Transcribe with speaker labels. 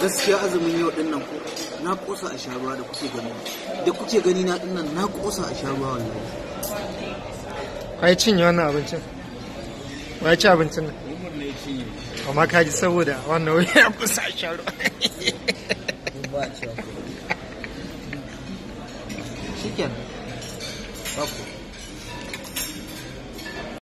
Speaker 1: gaskiya azumin yau din nan na kosa a sha ruwa da kuke gani
Speaker 2: da kuke gani na din nan na kosa a sha ruwa wallahi
Speaker 3: cin cinye wannan abincin wai ci abincin nan
Speaker 4: amma ka ji saboda
Speaker 3: wannan wuri ya kusa
Speaker 5: a sha ruwa
Speaker 4: shikenan